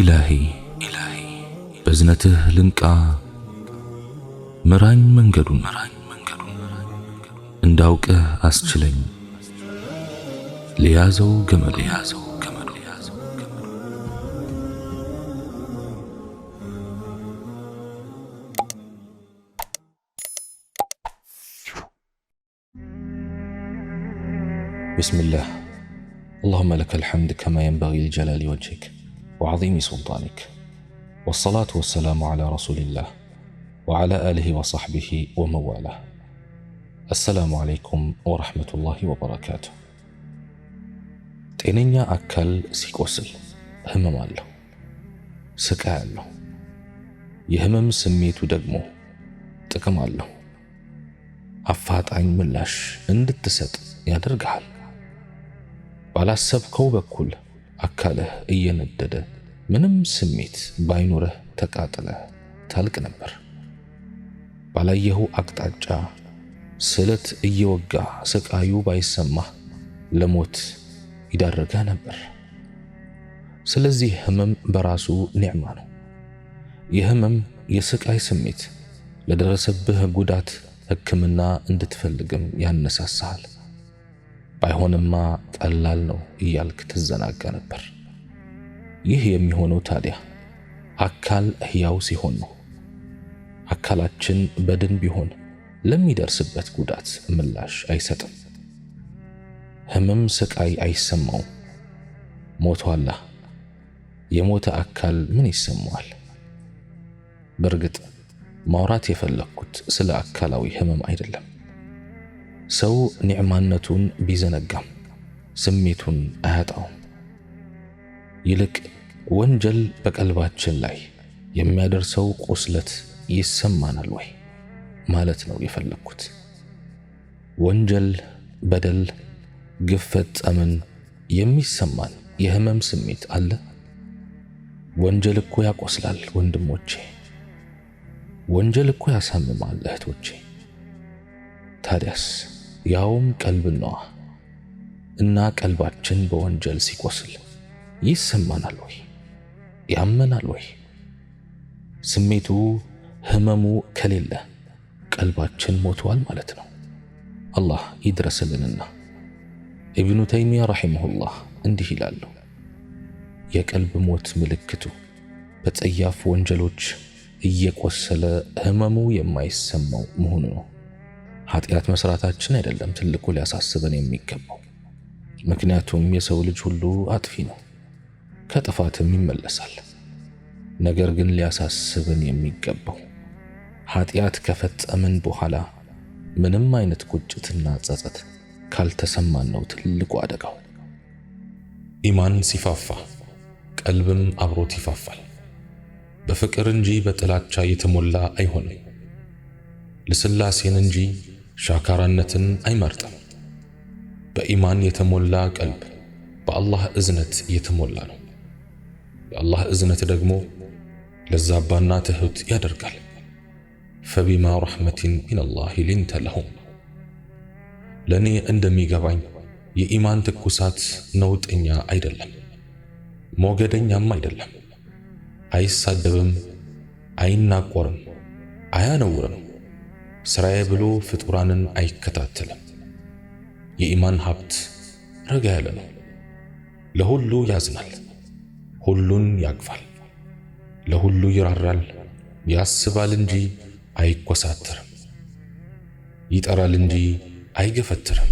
إلهي إلهي بزنته لنكا مران منجدو مران منجدو انداوك أسجلين ليازو جمل ليازو بسم الله اللهم لك الحمد كما ينبغي لجلال وجهك وعظيم سلطانك والصلاة والسلام على رسول الله وعلى آله وصحبه وموالاه السلام عليكم ورحمة الله وبركاته ጤነኛ አካል ሲቆስል يهمم سميت ስቃይ تكم የህመም عفات عين ملاش عند التسد يا እንድትሰጥ ያደርግሃል። ባላሰብከው በኩል አካልህ እየነደደ ምንም ስሜት ባይኖረህ ተቃጥለህ ታልቅ ነበር። ባላየሁ አቅጣጫ ስለት እየወጋ ስቃዩ ባይሰማህ ለሞት ይዳረገህ ነበር። ስለዚህ ህመም በራሱ ኒዕማ ነው። የህመም የስቃይ ስሜት ለደረሰብህ ጉዳት ሕክምና እንድትፈልግም ያነሳሳሃል። ባይሆንማ ቀላል ነው እያልክ ትዘናጋ ነበር። ይህ የሚሆነው ታዲያ አካል ሕያው ሲሆን ነው። አካላችን በድን ቢሆን ለሚደርስበት ጉዳት ምላሽ አይሰጥም። ህመም ስቃይ አይሰማውም። ሞቷላ የሞተ አካል ምን ይሰማዋል? በእርግጥ ማውራት የፈለግኩት ስለ አካላዊ ህመም አይደለም። ሰው ኒዕማነቱን ቢዘነጋም ስሜቱን አያጣውም። ይልቅ ወንጀል በቀልባችን ላይ የሚያደርሰው ቁስለት ይሰማናል ወይ ማለት ነው የፈለግኩት። ወንጀል፣ በደል፣ ግፍ ፈጸምን የሚሰማን የህመም ስሜት አለ። ወንጀል እኮ ያቆስላል ወንድሞቼ። ወንጀል እኮ ያሳምማል እህቶቼ። ታዲያስ ያውም ቀልብን እና ቀልባችን በወንጀል ሲቆስል ይሰማናል ወይ? ያመናል ወይ? ስሜቱ ህመሙ ከሌለ ቀልባችን ሞቷል ማለት ነው። አላህ ይድረስልንና ኢብኑ ተይሚያ ረሒመሁላህ እንዲህ ይላሉ፣ የቀልብ ሞት ምልክቱ በጸያፍ ወንጀሎች እየቆሰለ ህመሙ የማይሰማው መሆኑ ነው። ኃጢአት መስራታችን አይደለም ትልቁ ሊያሳስበን የሚገባው። ምክንያቱም የሰው ልጅ ሁሉ አጥፊ ነው፣ ከጥፋትም ይመለሳል። ነገር ግን ሊያሳስበን የሚገባው ኃጢአት ከፈጸምን በኋላ ምንም አይነት ቁጭትና ጸጸት ካልተሰማን ነው ትልቁ አደጋው። ኢማን ሲፋፋ ቀልብም አብሮት ይፋፋል። በፍቅር እንጂ በጥላቻ የተሞላ አይሆንም። ልስላሴን እንጂ ሻካራነትን አይመርጥም። በኢማን የተሞላ ቀልብ በአላህ እዝነት የተሞላ ነው። የአላህ እዝነት ደግሞ ለዛባና ትሑት ያደርጋል። ፈቢማ ረሕመቲን ሚነላሂ ሊንተ ለሁም። ለእኔ እንደሚገባኝ የኢማን ትኩሳት ነውጠኛ አይደለም፣ ሞገደኛም አይደለም። አይሳደብም፣ አይናቆርም፣ አያነውርም። ስራዬ ብሎ ፍጡራንን አይከታተልም። የኢማን ሀብት ረጋ ያለ ነው። ለሁሉ ያዝናል፣ ሁሉን ያቅፋል፣ ለሁሉ ይራራል፣ ያስባል እንጂ አይኮሳተርም፣ ይጠራል እንጂ አይገፈትርም፣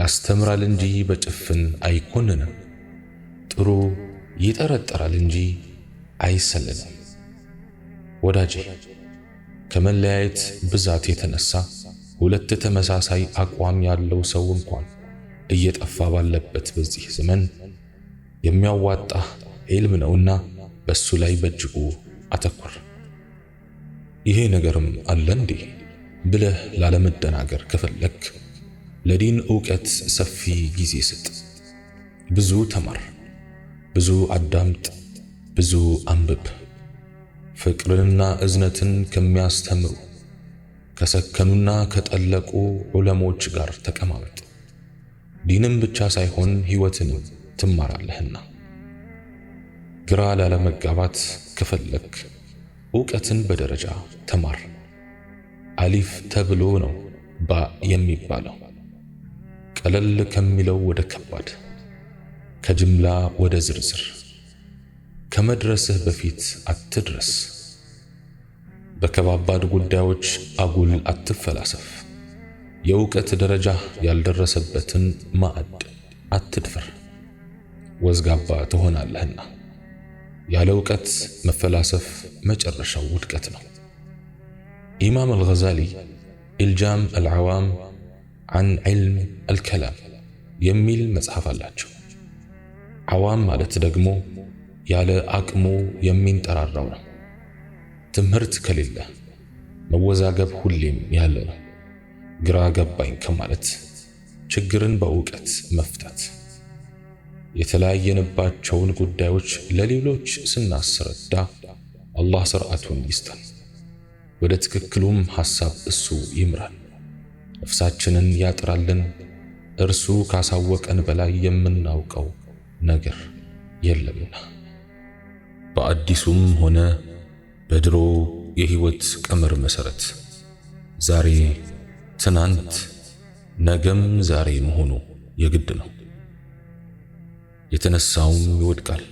ያስተምራል እንጂ በጭፍን አይኮንንም፣ ጥሩ ይጠረጠራል እንጂ አይሰልንም። ወዳጄ ከመለያየት ብዛት የተነሳ ሁለት ተመሳሳይ አቋም ያለው ሰው እንኳን እየጠፋ ባለበት በዚህ ዘመን የሚያዋጣ ዒልም ነውና በሱ ላይ በእጅጉ አተኩር። ይሄ ነገርም አለ እንዴ ብለህ ላለመደናገር ከፈለክ ለዲን ዕውቀት ሰፊ ጊዜ ስጥ። ብዙ ተማር፣ ብዙ አዳምጥ፣ ብዙ አንብብ። ፍቅርንና እዝነትን ከሚያስተምሩ ከሰከኑና ከጠለቁ ዑለሞች ጋር ተቀማመጥ። ዲንም ብቻ ሳይሆን ሕይወትንም ትማራለህና። ግራ ላለመጋባት ከፈለክ ዕውቀትን በደረጃ ተማር። አሊፍ ተብሎ ነው ባ የሚባለው። ቀለል ከሚለው ወደ ከባድ፣ ከጅምላ ወደ ዝርዝር ከመድረስህ በፊት አትድረስ። በከባባድ ጉዳዮች አጉል አትፈላሰፍ። የእውቀት ደረጃ ያልደረሰበትን ማዕድ አትድፈር፣ ወዝጋባ ትሆናለህና። ያለ እውቀት መፈላሰፍ መጨረሻው ውድቀት ነው። ኢማም አልገዛሊ ኢልጃም አልዓዋም አን ዒልም አልከላም የሚል መጽሐፍ አላቸው። ዓዋም ማለት ደግሞ ያለ አቅሙ የሚንጠራራው ነው። ትምህርት ከሌለ መወዛገብ ሁሌም ያለ ነው። ግራ ገባኝ ከማለት ችግርን በእውቀት መፍታት፣ የተለያየንባቸውን ጉዳዮች ለሌሎች ስናስረዳ አላህ ስርዓቱን ይስጣል ወደ ትክክሉም ሐሳብ እሱ ይምራል፣ ነፍሳችንን ያጥራልን። እርሱ ካሳወቀን በላይ የምናውቀው ነገር የለምና። በአዲሱም ሆነ በድሮ የህይወት ቀመር መሰረት ዛሬ ትናንት ነገም ዛሬ መሆኑ የግድ ነው። የተነሳውም ይወድቃል፣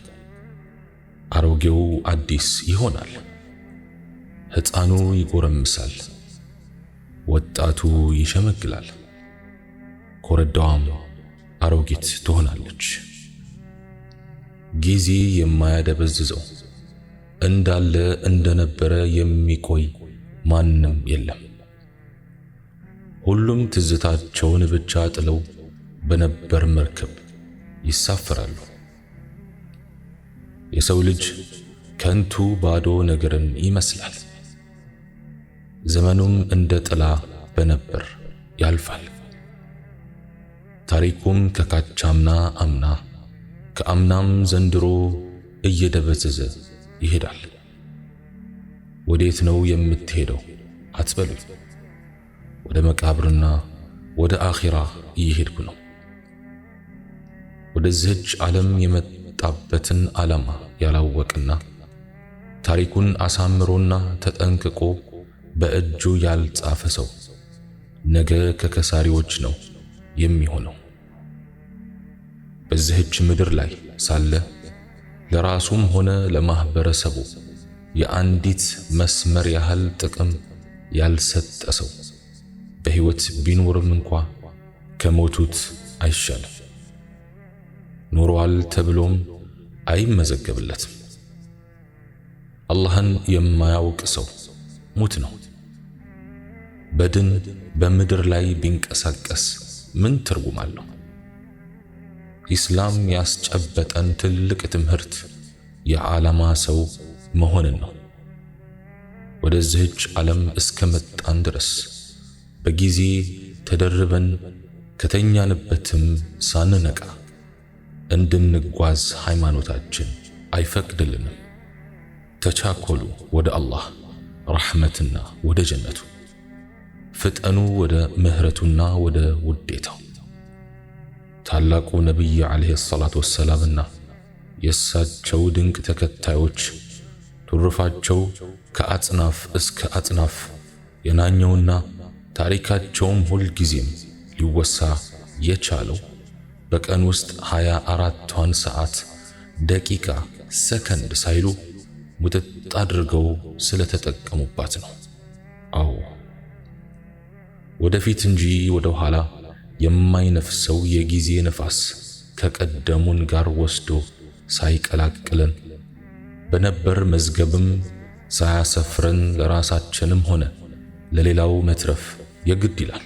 አሮጌው አዲስ ይሆናል፣ ሕፃኑ ይጎረምሳል፣ ወጣቱ ይሸመግላል፣ ኮረዳዋም አሮጊት ትሆናለች። ጊዜ የማያደበዝዘው እንዳለ እንደነበረ የሚቆይ ማንም የለም። ሁሉም ትዝታቸውን ብቻ ጥለው በነበር መርከብ ይሳፈራሉ። የሰው ልጅ ከንቱ ባዶ ነገርን ይመስላል። ዘመኑም እንደ ጥላ በነበር ያልፋል። ታሪኩም ከካቻምና አምና ከአምናም ዘንድሮ እየደበዘዘ ይሄዳል። ወዴት ነው የምትሄደው አትበሉ። ወደ መቃብርና ወደ አኺራ እየሄድኩ ነው። ወደዚህች ዓለም የመጣበትን ዓላማ ያላወቅና ታሪኩን አሳምሮና ተጠንቅቆ በእጁ ያልጻፈ ሰው ነገ ከከሳሪዎች ነው የሚሆነው። በዚህች ምድር ላይ ሳለ ለራሱም ሆነ ለማህበረሰቡ የአንዲት መስመር ያህል ጥቅም ያልሰጠ ሰው በሕይወት ቢኖርም እንኳ ከሞቱት አይሻልም። ኑሯል ተብሎም አይመዘገብለትም። አላህን የማያውቅ ሰው ሙት ነው። በድን በምድር ላይ ቢንቀሳቀስ ምን ትርጉም አለው? ኢስላም ያስጨበጠን ትልቅ ትምህርት የዓላማ ሰው መሆንን ነው። ወደዚህች ዓለም እስከ መጣን ድረስ በጊዜ ተደርበን ከተኛንበትም ሳንነቃ እንድንጓዝ ሃይማኖታችን አይፈቅድልንም። ተቻኮሉ ወደ አላህ ረሕመትና ወደ ጀነቱ፣ ፍጠኑ ወደ ምህረቱና ወደ ውዴታው። ታላቁ ነቢይ ዓለይሂ ሰላቱ ወሰላምና የእሳቸው ድንቅ ተከታዮች ትሩፋቸው ከአጽናፍ እስከ አጽናፍ የናኘውና ታሪካቸውም ሁልጊዜም ሊወሳ የቻለው በቀን ውስጥ ሃያ አራቷን ሰዓት ደቂቃ፣ ሰከንድ ሳይሉ ሙጥጥ አድርገው ስለተጠቀሙባት ነው። አዎ ወደፊት እንጂ ወደ ኋላ የማይነፍሰው የጊዜ ነፋስ ከቀደሙን ጋር ወስዶ ሳይቀላቅለን በነበር መዝገብም ሳያሰፍረን ለራሳችንም ሆነ ለሌላው መትረፍ የግድ ይላል።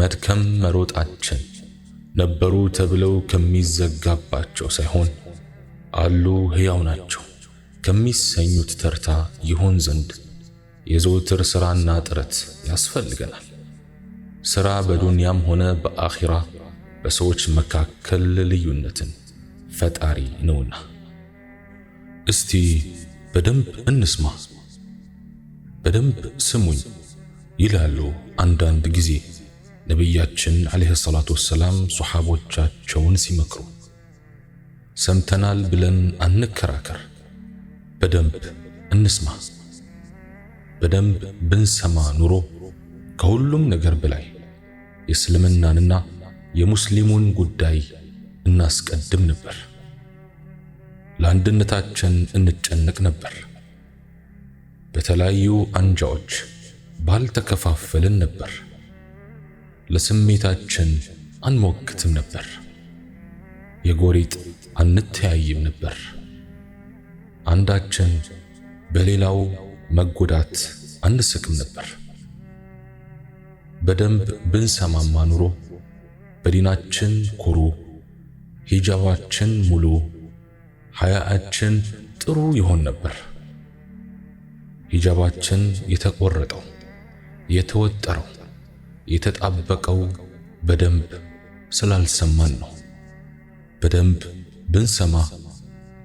መድከም መሮጣችን ነበሩ ተብለው ከሚዘጋባቸው ሳይሆን አሉ ሕያው ናቸው ከሚሰኙት ተርታ ይሆን ዘንድ የዘውትር ሥራና ጥረት ያስፈልገናል። ሥራ በዱንያም ሆነ በአኺራ በሰዎች መካከል ልዩነትን ፈጣሪ ነውና። እስቲ በደንብ እንስማ፣ በደንብ ስሙኝ ይላሉ አንዳንድ ጊዜ ነቢያችን ዓለይሂ ሰላቱ ወሰላም ሶሓቦቻቸውን ሲመክሩ። ሰምተናል ብለን አንከራከር፣ በደንብ እንስማ። በደንብ ብንሰማ ኑሮ ከሁሉም ነገር በላይ የእስልምናንና የሙስሊሙን ጉዳይ እናስቀድም ነበር። ለአንድነታችን እንጨነቅ ነበር። በተለያዩ አንጃዎች ባልተከፋፈልን ነበር። ለስሜታችን አንሞክትም ነበር። የጎሪጥ አንተያይም ነበር። አንዳችን በሌላው መጎዳት አንስቅም ነበር። በደንብ ብንሰማማ ኑሮ በዲናችን ኩሩ፣ ሂጃባችን ሙሉ፣ ሀያአችን ጥሩ ይሆን ነበር። ሂጃባችን የተቆረጠው፣ የተወጠረው፣ የተጣበቀው በደንብ ስላልሰማን ነው። በደንብ ብንሰማ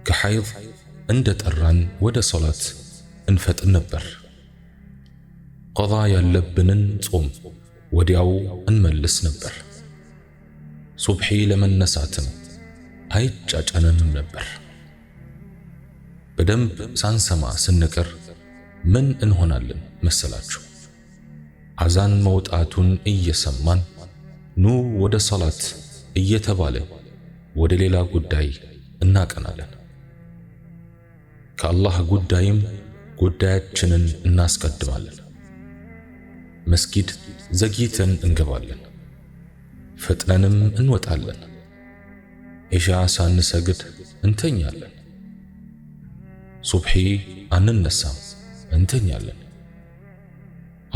ከሐይድ እንደ ጠራን ወደ ሶላት እንፈጥን ነበር። ቀዳ ያለብንን ጾም ወዲያው እንመልስ ነበር። ሱብሒ ለመነሳትም አይጫጫነንም ነበር። በደንብ ሳንሰማ ስንቀር ምን እንሆናለን መሰላችሁ? አዛን መውጣቱን እየሰማን ኑ ወደ ሰላት እየተባለ ወደ ሌላ ጉዳይ እናቀናለን። ከአላህ ጉዳይም ጉዳያችንን እናስቀድማለን። መስጊድ ዘግይተን እንገባለን፣ ፍጥነንም እንወጣለን። ኢሻ ሳንሰግድ እንተኛለን። ሱብሒ አንነሳም፣ እንተኛለን።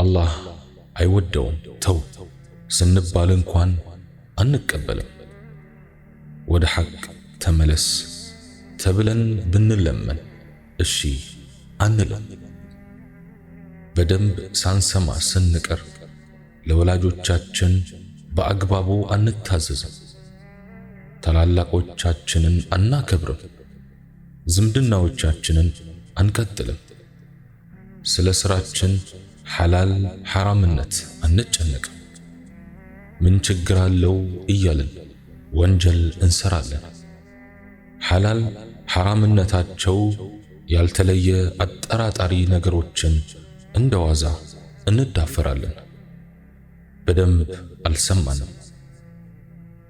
አላህ አይወደውም ተው ስንባል እንኳን አንቀበልም። ወደ ሐቅ ተመለስ ተብለን ብንለመን እሺ አንለም። በደንብ ሳንሰማ ስንቀር ለወላጆቻችን በአግባቡ አንታዘዝም፣ ታላላቆቻችንን አናከብርም፣ ዝምድናዎቻችንን አንቀጥልም፣ ስለ ስራችን ሐላል ሐራምነት አንጨነቅም፣ ምን ችግር አለው እያልን ወንጀል እንሰራለን። ሐላል ሐራምነታቸው ያልተለየ አጠራጣሪ ነገሮችን እንደዋዛ እንዳፈራለን። በደንብ አልሰማንም።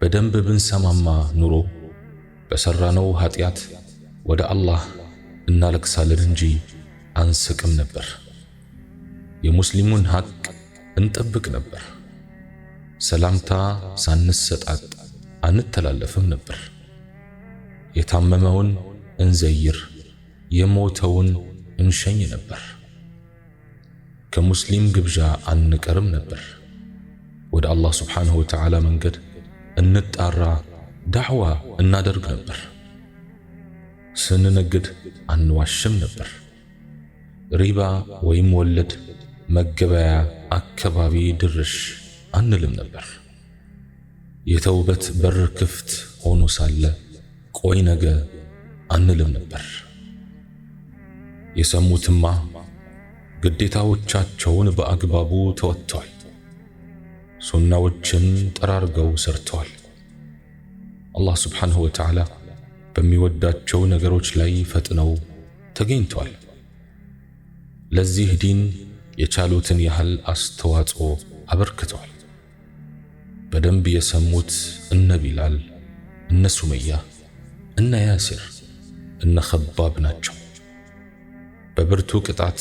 በደንብ ብንሰማማ ኑሮ በሰራነው ኀጢአት ወደ አላህ እናለቅሳለን እንጂ አንስቅም ነበር። የሙስሊሙን ሐቅ እንጠብቅ ነበር። ሰላምታ ሳንሰጣጥ አንተላለፍም ነበር። የታመመውን እንዘይር፣ የሞተውን እንሸኝ ነበር። ከሙስሊም ግብዣ አንቀርም ነበር። ወደ አላህ ስብሓንሁ ወተዓላ መንገድ እንጣራ ዳዕዋ እናደርግ ነበር። ስንነግድ አንዋሽም ነበር። ሪባ ወይም ወለድ መገበያ አካባቢ ድርሽ አንልም ነበር። የተውበት በር ክፍት ሆኖ ሳለ ቆይ ነገ አንልም ነበር። የሰሙትማ ግዴታዎቻቸውን በአግባቡ ተወጥተዋል። ሱናዎችን ጠራርገው ሰርተዋል። አላህ ስብሓንሁ ወተዓላ በሚወዳቸው ነገሮች ላይ ፈጥነው ተገኝተዋል። ለዚህ ዲን የቻሉትን ያህል አስተዋጽኦ አበርክተዋል። በደንብ የሰሙት እነ ቢላል፣ እነ ሱመያ፣ እነ ያሲር፣ እነ ኸባብ ናቸው። በብርቱ ቅጣት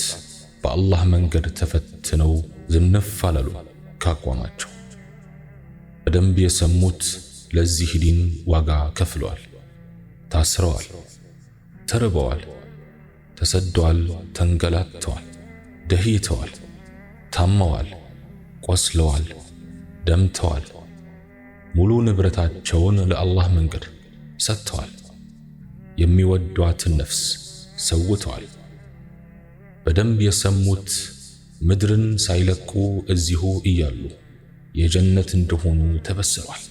በአላህ መንገድ ተፈትነው ዝንፍ አላሉ። ካቋማቸው በደንብ የሰሙት ለዚህ ዲን ዋጋ ከፍለዋል፣ ታስረዋል፣ ተርበዋል፣ ተሰደዋል፣ ተንገላተዋል፣ ደህይተዋል፣ ታመዋል፣ ቆስለዋል፣ ደምተዋል። ሙሉ ንብረታቸውን ለአላህ መንገድ ሰጥተዋል። የሚወዷትን ነፍስ ሰውተዋል። በደንብ የሰሙት ምድርን ሳይለቁ እዚሁ እያሉ የጀነት እንደሆኑ ተበስሯል።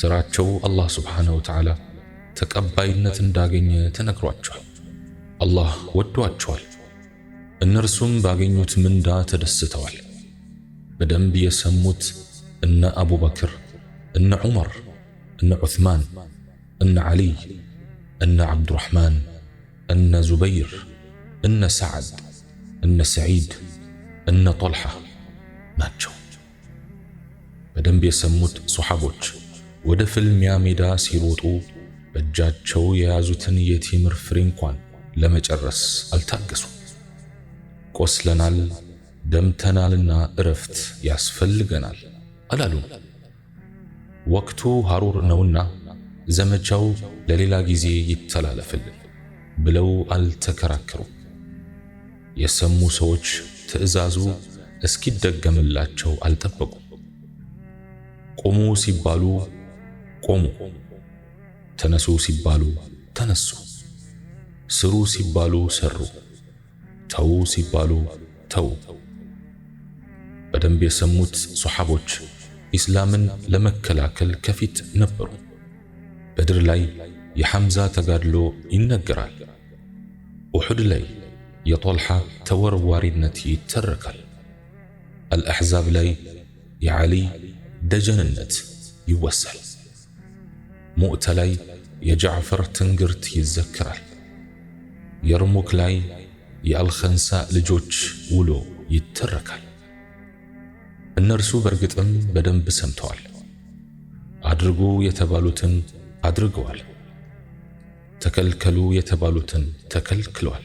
ሥራቸው አላህ ስብሓንሁ ወተዓላ ተቀባይነት እንዳገኘ ተነግሯቸዋል። አላህ ወዷቸዋል። እነርሱም ባገኙት ምንዳ ተደስተዋል። በደንብ የሰሙት እነ አቡበክር፣ እነ ዑመር፣ እነ ዑስማን፣ እነ ዓሊይ፣ እነ ዓብዱራሕማን፣ እነ ዙበይር፣ እነ ሰዓድ እነ ሰዒድ እነ ጦልሓ ናቸው። በደንብ የሰሙት ሶሓቦች ወደ ፍልሚያ ሜዳ ሲሮጡ በእጃቸው የያዙትን የቴምር ፍሬ እንኳን ለመጨረስ አልታገሱ። ቆስለናል፣ ደምተናልና እረፍት ያስፈልገናል አላሉም። ወቅቱ ሐሩር ነውና ዘመቻው ለሌላ ጊዜ ይተላለፍልን ብለው አልተከራከሩም። የሰሙ ሰዎች ትዕዛዙ እስኪደገምላቸው አልጠበቁም። ቁሙ ሲባሉ ቆሙ፣ ተነሱ ሲባሉ ተነሱ፣ ስሩ ሲባሉ ሰሩ፣ ተዉ ሲባሉ ተዉ። በደንብ የሰሙት ሶሐቦች ኢስላምን ለመከላከል ከፊት ነበሩ። በድር ላይ የሐምዛ ተጋድሎ ይነገራል። ኡሑድ ላይ يا طلحة تور وارنتي تركل الأحزاب لي يا علي دجن النت يوسل مؤتلي يا جعفر تنقرت يتذكرل يرمك لي يا الخنساء لجوج ولو يتركل النرسو برقت أم بدم بسمتوال أدرقو يتبالوتن أدرقوال تكلكلو يتبالوتن تكلكلوال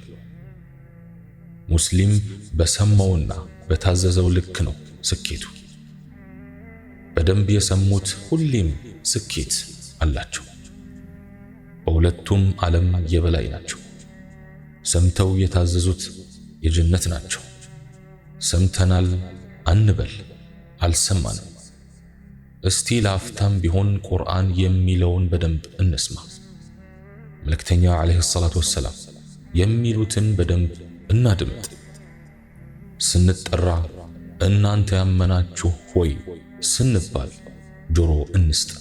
ሙስሊም በሰማውና በታዘዘው ልክ ነው ስኬቱ። በደንብ የሰሙት ሁሌም ስኬት አላቸው። በሁለቱም ዓለም የበላይ ናቸው። ሰምተው የታዘዙት የጀነት ናቸው። ሰምተናል አንበል አልሰማንም። እስቲ ለአፍታም ቢሆን ቁርአን የሚለውን በደንብ እንስማ። መልእክተኛ ዓለይሂ ሰላቱ ወሰላም የሚሉትን በደንብ እናድምጥ። ስንጠራ እናንተ ያመናችሁ ሆይ ስንባል ጆሮ እንስጥ፣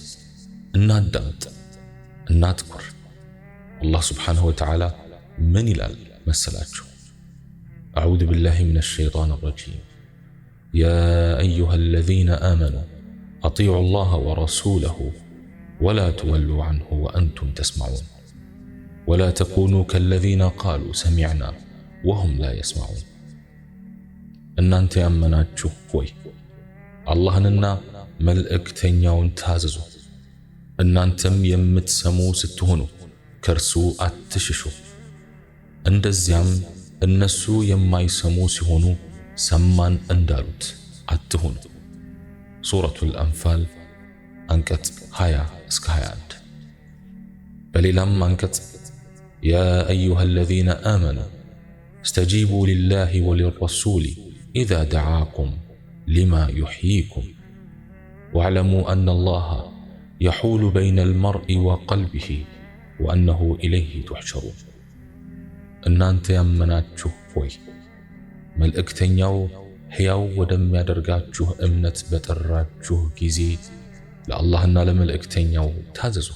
እናዳምጥ፣ እናትኩር። አላህ ስብሓንሁ ወተዓላ ምን ይላል መሰላችሁ? አዑዙ ቢላሂ ሚነ ሸይጣን ረጂም ያ አዩሃ አለዚነ አመኑ አጢዑ ላህ ወረሱለሁ ወላ ትወሉ ዐንሁ ወአንቱም ተስማዑን ወላ ተኩኑ ከለዚነ ቃሉ ሰሚዕና ወሁም ላ የስማዑን እናንተ ያመናችሁ ሆይ አላህንና መልእክተኛውን ታዘዙ፣ እናንተም የምትሰሙ ስትሆኑ ከእርሱ አትሽሹ። እንደዚያም እነሱ የማይሰሙ ሲሆኑ ሰማን እንዳሉት አትሁኑ። ሱረቱል አንፋል አንቀጽ 20 እስከ 21። በሌላም አንቀጽ ያ አዩሃ አለዚነ አመኑ استجيبوا لله وللرسول إذا دعاكم لما يحييكم واعلموا أن الله يحول بين المرء وقلبه وأنه إليه تحشرون እናንተ ያመናችሁ ሆይ መልእክተኛው ሕያው ወደሚያደርጋችሁ እምነት በጠራችሁ ጊዜ ለአላህና ለመልእክተኛው ታዘዙ።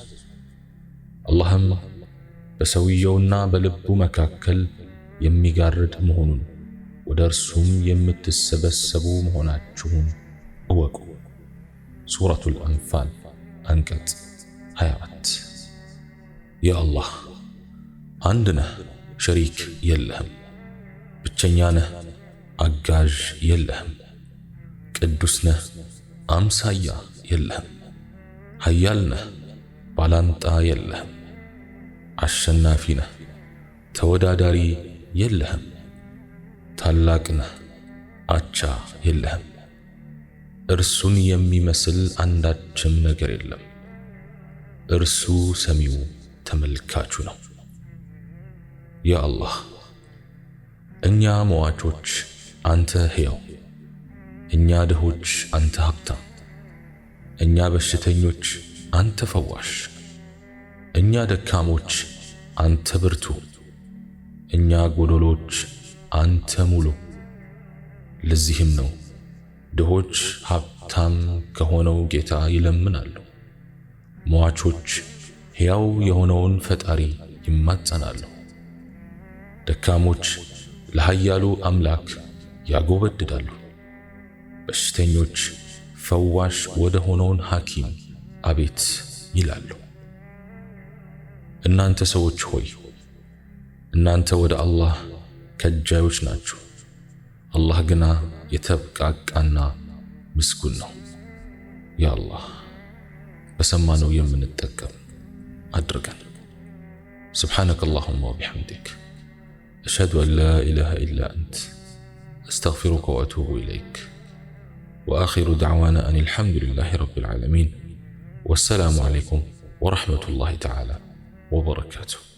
አላህም በሰውየውና በልቡ መካከል የሚጋርድ መሆኑን ወደ እርሱም የምትሰበሰቡ መሆናችሁን እወቁ። ሱረቱል አንፋል አንቀጽ 24 የአላህ አንድ ነህ፣ ሸሪክ የለህም። ብቸኛ ነህ፣ አጋዥ የለህም። ቅዱስ ነህ፣ አምሳያ የለህም። ኃያል ነህ፣ ባላንጣ የለህም። አሸናፊ ነህ፣ ተወዳዳሪ የለህም፣ ታላቅ ነህ፣ አቻ የለህም፣ እርሱን የሚመስል አንዳችም ነገር የለም። እርሱ ሰሚው ተመልካቹ ነው። ያ አላህ እኛ መዋቾች አንተ ሕያው፣ እኛ ድሆች አንተ ሀብታም፣ እኛ በሽተኞች አንተ ፈዋሽ፣ እኛ ደካሞች አንተ ብርቱ እኛ ጎዶሎች አንተ ሙሉ። ለዚህም ነው ድሆች ሀብታም ከሆነው ጌታ ይለምናሉ፣ ሟቾች ሕያው የሆነውን ፈጣሪ ይማጸናሉ። ደካሞች ለኃያሉ አምላክ ያጎበድዳሉ፣ በሽተኞች ፈዋሽ ወደ ሆነውን ሐኪም አቤት ይላሉ። እናንተ ሰዎች ሆይ እናንተ ወደ አላህ ከጃዮች ናችሁ። አላህ ግና የተብቃቃና ምስጉን ነው። ያ አላህ በሰማነው የምንጠቀም አድርገን። ስብሓነከ አላሁማ ወቢሐምዲክ አሽሀዱ አን ላ ኢላሃ ኢላ አንት አስተግፊሩከ ወአቱቡ ኢለይክ ወአኺሩ ደዕዋና አን አልሐምዱሊላሂ ረቢል ዓለሚን ወሰላሙ ዓለይኩም ወረሕመቱላሂ ተዓላ ወበረካቱሁ